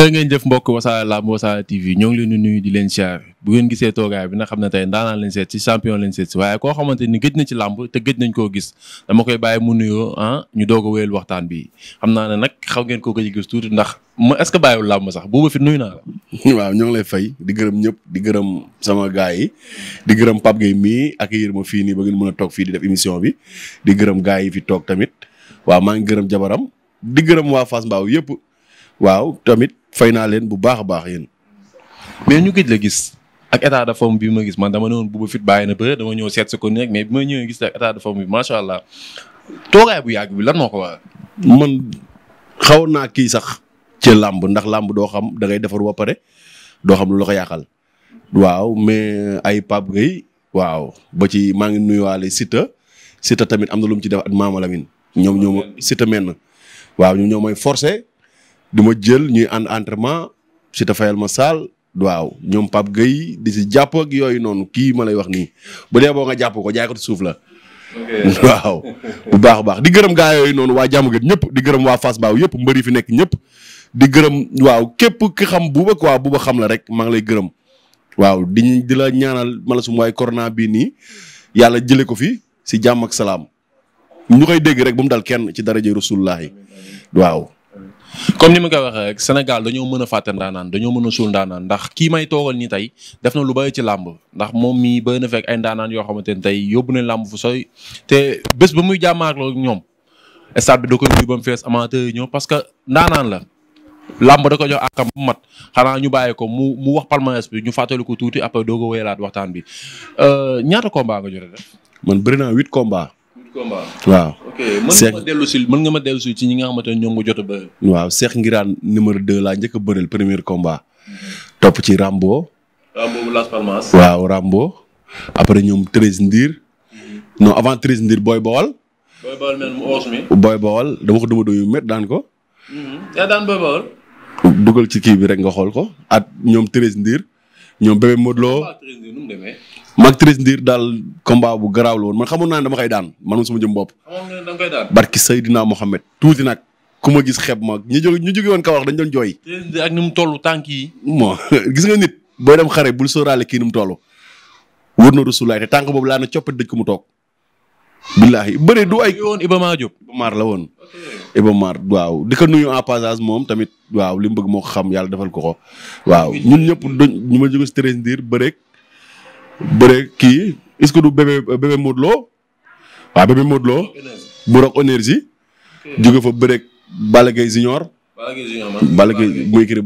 jërë ngeen jëf mbokk wasaare làmb wasaare TV ñoo ngi leen di nuyu di leen siyaar bu ngeen gisee toogaay bi na xam ne tey ndaanaan leen seet si champion leen seet si waaye koo xamante ni gëj na ci làmb te gëj nañ koo gis dama koy bàyyi mu nuyoo ah ñu doog a waxtaan bi xam naa ne nag xaw ngeen koo gëj a gis tuuti ndax ma est-ce que bàyyiwul làmb sax buuba fi nuyu naa la waaw ñoo ngi lay fay di gërëm ñëpp di gërëm sama gars yi di gërëm Pape Gueye mii ak yër ma fii nii ba ngeen mën a toog fii di def émission bi di gërëm gars yi fi toog tamit waaw maa ngi gërëm jabaram di gërëm waa Fass Mbaaw yëpp fay naa leen bu baax a baax yéen mais ñu gëj la gis ak état de forme bi ma gis man dama ne woon Bouba Fit bàyyi na bëre dama ñëw seet si ko nii rek mais bi ma ñëwee gis ak état de forme bi macha allah toogaay bu yàgg bi lan moo ko waral. man xawoon naa kii sax ci làmb ndax làmb doo xam da ngay defar ba pare doo xam lu la yàqal waaw mais ay Pape Gueye waaw ba ci maa ngi nuyuwaale Siteu Siteu tamit am na lu mu ci def at Mama Lamine ñoom ñoo ma Siteu menn forcé du ma jël ñuy ànd entraînement si tafayal ma saal waaw ñoom Pape Gueye di si jàpp ak yooyu noonu kii ma lay wax nii bu dee boo nga jàpp ko jaay ko suuf la. waaw bu baax a baax di gërëm gaa yooyu noonu waa jàmm gën ñëpp di gërëm waa Fass Mbao yëpp mbëri fi nekk ñëpp. di gërëm waaw képp ki xam buuba quoi buuba xam la rek maa ngi lay gërëm waaw di di la ñaanal mala sum waay corona bii nii yàlla jëlee ko fi si jàmm ak salaam ñu kay dégg rek ba mu dal kenn ci daraja rasulullahi waaw. comme ni ma koy waxee rek Sénégal dañoo mën a fàtte ndaanaan dañoo mën a suul ndaanaan ndax kii may toogal ni tey def na lu bëri ci làmb ndax moom mii bëri na fekk ay ndaanaan yoo xamante ne tey yóbbu nañ làmb fu sooy te bés ba muy jàmmaarloo ñoom stade bi da ba mu fees amateur yi parce que ndaanaan la làmb da ko jox akam bu mat xanaa ñu bàyyi ko mu mu wax palmarès bi ñu fàttali ko tuuti après doo ko wéyalaat waxtaan bi euh, ñaata combat nga jot a def. man bëri naa huit combat waaw. ok mën dellu si mën nga ma dellu ci ñi nga xamante ñoom jot a waaw Cheikh Ngiraan numéro 2 laa njëkk a bëril premier combat. topp ci Rambo. Rambo waaw Rambo. après ñoom Treize Ndiir. Mhm. non avant Treize Ndiir Boy Bawal. Boy Bawal mu oos mi. Boy Bawal dama ko dama doyu met daan ko. Mhm. dugal ci kii bi rek nga xool ko at ñoom Treize Ndiir ñoom bébé Modou Lo. mag Treize daal combat bu garaaw la woon man xamoon naa ne dama xay daan man sama jëm bopp. xamoon dama koy daan. barki Seydina Mohamed tuuti nag ku ma gis xeb ma ñu jóge ñu jóge woon kaw wax dañu doon jooy. ak ni mu toll tànk yi. bon gis nga nit booy dem xare bul sóoraale kii ni mu toll. wóor na Rasulaay te tànk boobu laa na coppet dëj ko mu toog. billaahi bëri du ay. yoon Ibama Ibamaar la woon. Ibamaar waaw di ko nuyu a passage moom tamit waaw li mu bëgg moo xam yàlla defal ko ko. waaw ñun ñëpp doñ ñu ma jóge si bëre kii est ce que du bébé bébé Modou Lo waaw bébé Modou énergie jóge fa bëreeg Balla Gaye Junior. Balla Gaye Junior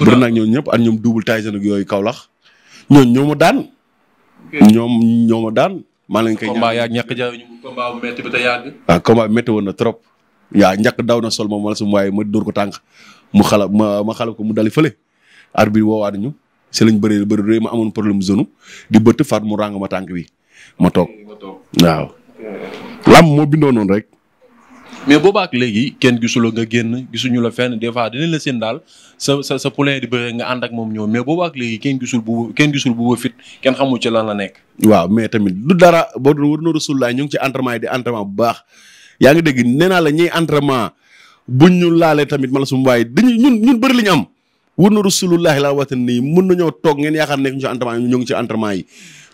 man nag ñoom ñëpp ak ñoom double Tyson ak yooyu Kaolack ñooñu ñoo daan. ñoom ñoo daan. maa leen koy ñaan combat yaa ñàkk ja ah, na trop. yaa ñàkk daw na sol ma wala su ma waaye ma dóor ko tànk mu xala ma ma xala ko mu dali fële arbitre woowaat ñu. si lañ bëree bëri réew ma amoon problème zone di bëtt faat mu ràng ma tànk bi ma toog. waaw. làmb moo bindoo noonu rek. mais boobu ak léegi kenn gisuloo nga génn gisuñu la fenn des fois dinañ la seen daal sa sa sa poulain di bëre nga ànd ak moom ñëw mais ak léegi kenn gisul bu kenn gisul bu fit kenn xamu ci lan la nekk. waaw mais tamit du dara boo doon war na rasul laay ñu ngi ci entraînement yi di entraînement bu baax yaa ngi dégg nee naa la ñuy entraînement buñ ñu laalee tamit man la su ma waaye dañuy ñun ñun bëri ñu am. wër na rasulullahi laa watan nii mën nañoo toog ngeen yaakaar nekk ñu ci entraînement ñoo ngi ci entraînement yi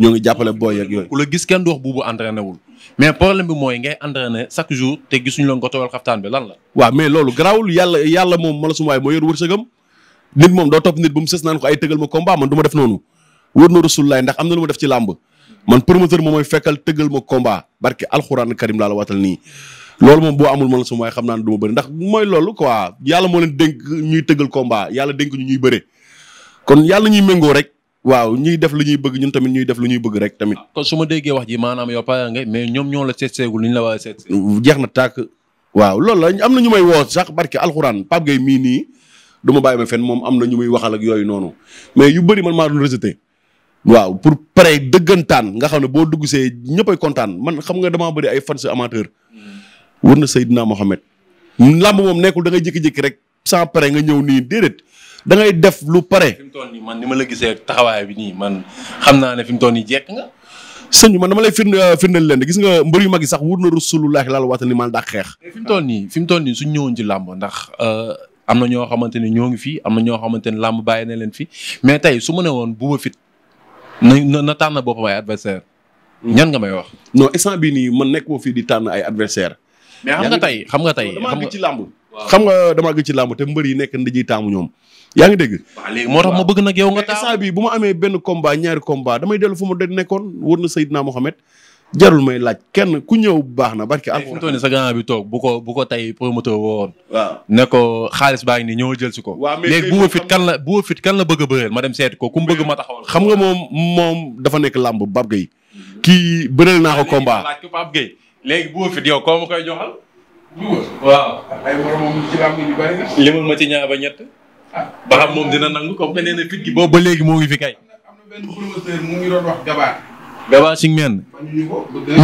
ñoo ngi jàppale booy ak yooyu ku la gis kenn du wax buubu bi mooy ngay entraîné mais loolu garaawul yàlla yàlla moom ma la suma waay moo yor wërsëgam nit moom doo topp nit bu mu sës naan ko ay tëgal ma combat man du def noonu wër na rasulullahi ndax am na lu ma def ci làmb man promoteur moom mooy fekkal tëgal ma combat barke alxuraan karim laa watal nii loolu moom boo amul mën sum waaye xam naa ne du ma bëri ndax mooy loolu ko quoi yàlla moo leen dénk ñuy tëggal combat yàlla dénk ñuy bëre kon yàlla ñuy méngoo rek waaw ñuy def lu ñuy bëgg ñun tamit ñuy def lu ñuy bëgg rek tamit ah, su ma déggee wax ji maanaam yow pare nga mais ñoom ñoo la seet seegul ñu la war a seet jeex na tàkk waaw loolu am na ñu may woo sax barke alxuraan Pape Gueye mii nii du ma bàyyi ma fen moom am na ñu muy waxal ak yooyu noonu mais yu bëri man maa doon rejeté waaw pour pare dëggantaan nga xam ne boo dugg see ñëppay kontaan man xam nga damaa bëri ay fans amateur mm. wër na Seydina Mohamed làmb moom nekkul da ngay jékki-jékki rek sans pare nga ñëw nii déedéet da ngay def lu pare. man ni ma la gisee taxawaay bi nii man xam naa ne fi mu toll nii jekk nga. sëñ man dama lay firnde euh, firndeel leen gis nga mbër yu mag yi sax wër na Rasulullah laal waata ni man daa xeex. fi nii fi toll nii suñ ñëwoon ci làmb ndax. Euh, am na ñoo xamante ne ñoo ngi fi am na ñoo xamante ne làmb bàyyi na leen fi mais tey su ma ne woon Bouba Fit na na tànn boppam ay adversaire hmm. ñan nga may wax. non instant bii nii man nekk moo fii di tànn ay adversaire mais xam nga tey xam nga tey xam nga ci làmb xam nga damaa ci làmb te mbër yi nekk ndajiy taamu ñoom yaa ngi dégg moo tax ma bëgg na yow nga taa bi bu ma amee benn combat ñaari combat damay dellu fu ma de nekkoon wër na Seydina Mohamed jarul may laaj kenn ku ñëw bu baax na barki alxuraan tooni sa grand bi toog ko bu ko tey promoteur woon waaw ne ko xaalis baa ngi nii ñëw jël si ko léegi bu ma fit kan la bu ma fit kan la bëgg a ma dem seet ko ku mu bëgg ma taxawal xam nga moom moom dafa nekk làmb Bab Gueye mhm. kii bëreel naa ko combat Bab Gueye léegi bu fit yow koo ma koy joxal. waaw. ci làmb ma ci ñaar ba ñett. Ah. ba xam moom dina nangu ko que nee na boobu ba léegi moo ngi fi kay. am na benn mu ngi doon gabaar. gabaar si ngeen.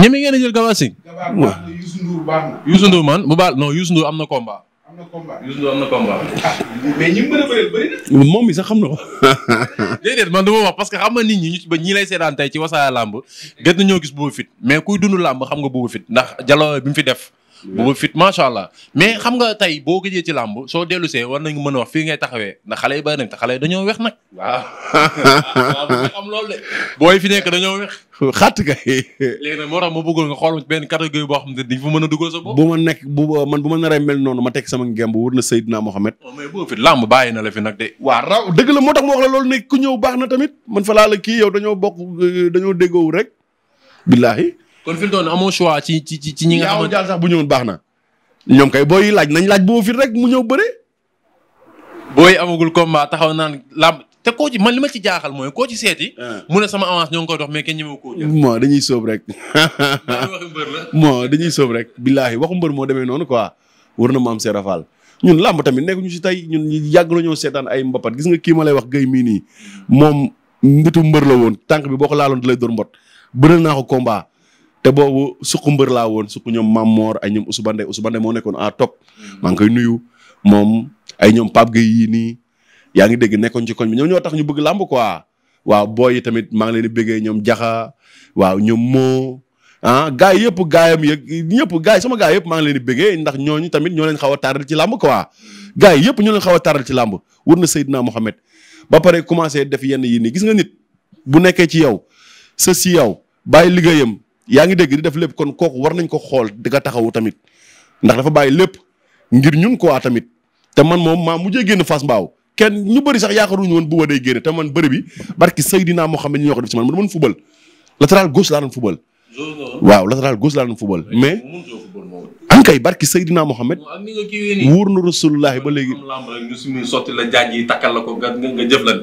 ñeme a jël gabaar si. gabaar baax na Youssou Ndour na. Youssou Ndour man bu baax non Youssou Ndour am na combat. a moom i sax xam na ko. déedéet parce que xam na nit ñi ba ñi lay seetaan tey ci wasaare làmb gën ñoo gis Bouba Fit mais kuy dund làmb xam nga Bouba Fit ndax jaloo bi mu fi def boobu fit macha allah mais xam nga tey boo gëjee ci làmb soo dellu see war nañu mën a wax fii ngay taxawee ndax xale yi bari nañ xale yi dañoo wex nag waaw am loolu de fi nekk dañoo wex xatt kay léegi nag moo ma bëggoon nga xool benn catégorie boo xam ne di fa mën a dugal sa bopp bu ma nekk bu man ma naree mel noonu ma tekk sama ngemb wër na Seydina Mohamed oh, mais boo fi làmb bàyyi na la fi nag de waaw raw dëgg la moo tax ma wax la loolu ne ku ñëw baax na tamit man fa laa la kii yow dañoo bokk dañoo déggoowul rek billaahi kon fi mu toll amoo ci ci ci ñi nga. xamante sax bu ñëwoon baax na. ñoom kay laaj nañ laaj boo fi rek mu ñëw bëre. booy amagul combat taxaw naan làmb te koo ci man li ma ci jaaxal mooy koo ci seeti. Ah. mu ne sama avance ñoo ngi koy dox mais kenn ñemewu koo jël. moo dañuy sóob rek. moo dañuy sóob rek. billaahi waxu mbër moo demee noonu quoi war na ma am seerafaal ñun làmb tamit nekk si tey ñun yàgg la ñoo seetaan ay mbapat gis nga kii ma lay wax gay nii moom mbitu mbër la woon tànk bi boo ko laaloon da lay dóor mbot bëral naa ko combat te boobu suqu mbër laa woon suqu ñoom Mam Mor ay ñoom Ousubande Ousubande moo nekkoon à top. Hmm. maa ngi koy nuyu moom ay ñoom Pape Gueye yii nii yaa ngi dégg nekkoon ci koñ bi ñoom ñoo tax ñu bëgg làmb ko waaw booy yi tamit maa ngi leen di bëggee ñoom jaxa waaw ñoom moo ah gars yi yëpp gaayam yëg ñëpp gars yi sama gars yëpp maa ngi leen di bëggee ndax ñooñu tamit ñoo leen xaw a taaral ci làmb quoi. Hmm. gars yi yëpp ñoo leen xaw a taaral ci làmb wër na Seydina Mohamed ba pare commencé def yenn yi nii gis nga nit bu nekkee ci yow sa si yow bàyyi liggéeyam yaa ngi dégg di def lépp kon kooku war nañ ko xool di nga taxawu tamit ndax dafa bàyyi lépp ngir ñun quoi tamit te man moom maa mujjee génn Fass Mbao kenn ñu bari sax yaakaaruñu woon bu dee génne te man bari bi barki Seydina Mohamed ñoo ko def ci man ma doon football latéral gauche laa doon football. waaw latéral gauche laa doon football mais. am kay barki Seydina Mohamed. wóor na rasulullahi ba léegi.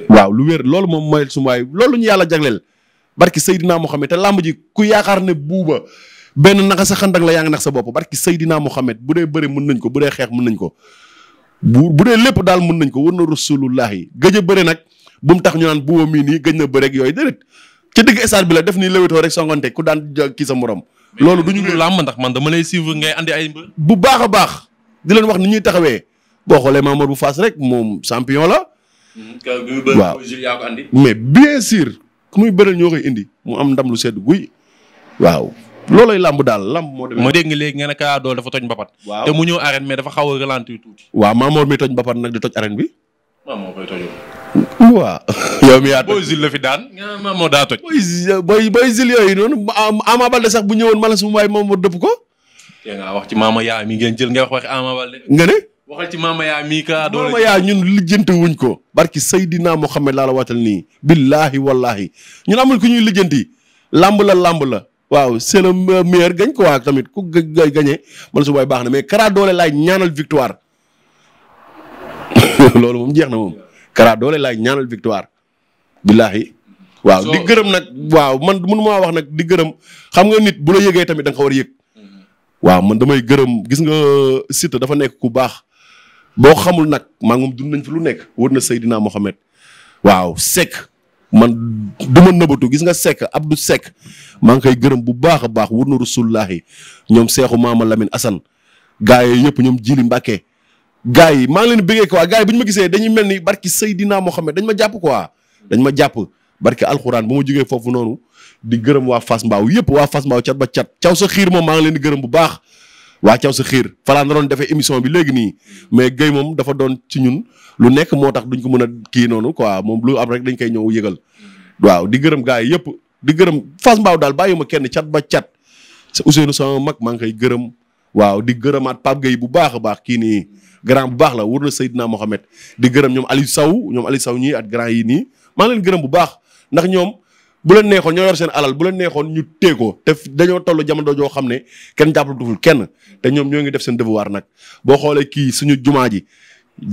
waaw lu wér loolu moom mooy sumbaay loolu ñu yàlla jagleel. barki Seydina Mohamed te làmb ji ku yaakaar ne buuba benn naxa sa xandak la yaa ngi nax sa bopp barki Seydina Mohamed bu dee bëri mën nañ ko bu dee xeex mën nañ ko bu bu dee lépp daal mun nañ ko war na rasulullahi gëj a bëri nag bu mu tax ñu naan buuba mii nii gëj na bëri ak yooyu déedéet ci digg stade bi la def nii léwétoo rek songante ku daan kii sa morom loolu du ñu làmb ndax man dama lay suivre ngay andi ay bu baax a baax di leen wax ni ñuy taxawee boo xoolee Mamour bu Fass rek moom champion la hmm, waaw mais bien sûr muy bëreel ñoo indi mu am ndam lu sedd guy waaw loolay làmb daal lamb moo demee. ma dégg léegi nga ne dafa toj mbapat. waaw mu ñëw dafa xaw a tuuti. waaw Mamor mi toj mbapat nag di toj arène bi. waaw moo koy mi yaa toj booy daa toj. booy booy zil yooyu noonu Ama Baldé sax bu ñëwoon ma la su ma waay dëpp ko. yaa nga wax ci mi ngeen jël nga wax waxi Ama Baldé. waxal ci maama yaa mii kaa doole maama yaa ñun lijjante wuñ ko barki Seydina laa la waatal nii billaahi wallaahi ñun amul ku ñuy lijjanti làmb la làmb la waaw c'est le gañ ko waa tamit ku gay gañee man baax na mais Kara laay ñaanal victoire loolu moom jeex na moom Kara Dollé laay ñaanal victoire billaahi waaw di waaw man mënu maa wax nag di gërëm xam nga nit bu la yëgee tamit da nga mm-hmm. waaw man damay gërëm gis nga Siteu dafa nekk ku baax boo xamul nag maa moom dund nañ fi lu nekk wur na Seydina Mohamed waaw Seck man du ma nëbatu gis nga Seck Abdou sekk maa ngi koy gërëm bu baax a baax wur na Rasulullahi ñoom Seexu Maama Lamine Assane gaa yi yëpp ñoom Jili Mbàkke gaa yi maa ngi leen bëggee ko gaa yi bu ñu ma gisee dañuy mel ni barki Seydina Mohamed dañ ma jàpp quoi dañ ma jàpp barki alxuraan bu ma jógee foofu noonu di gërëm waa Fass Mbaaw yëpp waa fas Mbaaw cat ba cat caw sa xiir moom maa leen di gërëm bu waa caw sa xiir falaa na doon defee émission bi léegi nii mais Guèye moom dafa doon ci ñun lu nekk moo tax duñ ko mën a kii noonu quoi moom lu am rek dañ koy ñëw yëgal waaw di gërëm gars yi yëpp di gërëm Fass Mbao daal bàyyi ma kenn cat ba cat sa Ousseynou sama mag maa ngi koy gërëm waaw di gërëmaat Pape Gueye bu baax a baax kii nii grand bu baax la wër na Seydina Mohamed di gërëm ñoom ali saw ñoom ali saw ñii at grand yi nii maa ngi leen gërëm bu baax ndax ñoom bu leen neexoon ñoo yor seen alal bu leen neexoon ñu téye ko te dañoo toll jamono joo xam ne kenn jàppatuful kenn te ñoom ñoo ngi def seen waar nag boo xoolee kii suñu jumaa ji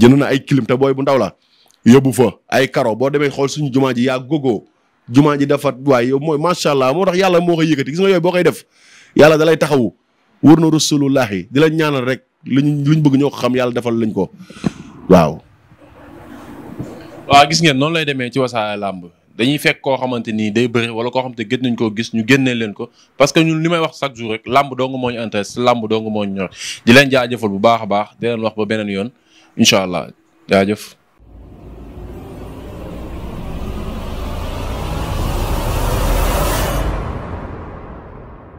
jënd na ay clim booy bu ndaw la yóbbu fa ay karo boo demee xool suñu jumaa ji yaa gogo jumaa ji dafa waaye yow mooy macha allah moo tax yàlla moo koy yëkkati gis nga yooyu boo koy def yàlla dalay taxawu wër na rasulullahi di la ñaanal rek luñ luñ bëgg ñoo ko xam yàlla defal lañ ko waaw. gis ngeen noonu lay demee ci Wassare làmb dañuy fekk koo xamante nii day bëri wala koo xamante gëj nañ koo gis ñu génnee leen ko parce que ñun li may wax chaque jour rek làmb dong moo ñu intéresse làmb dong moo ñu ñor di leen jaajëfal bu baax a baax di leen wax ba beneen yoon incha allah jaajëf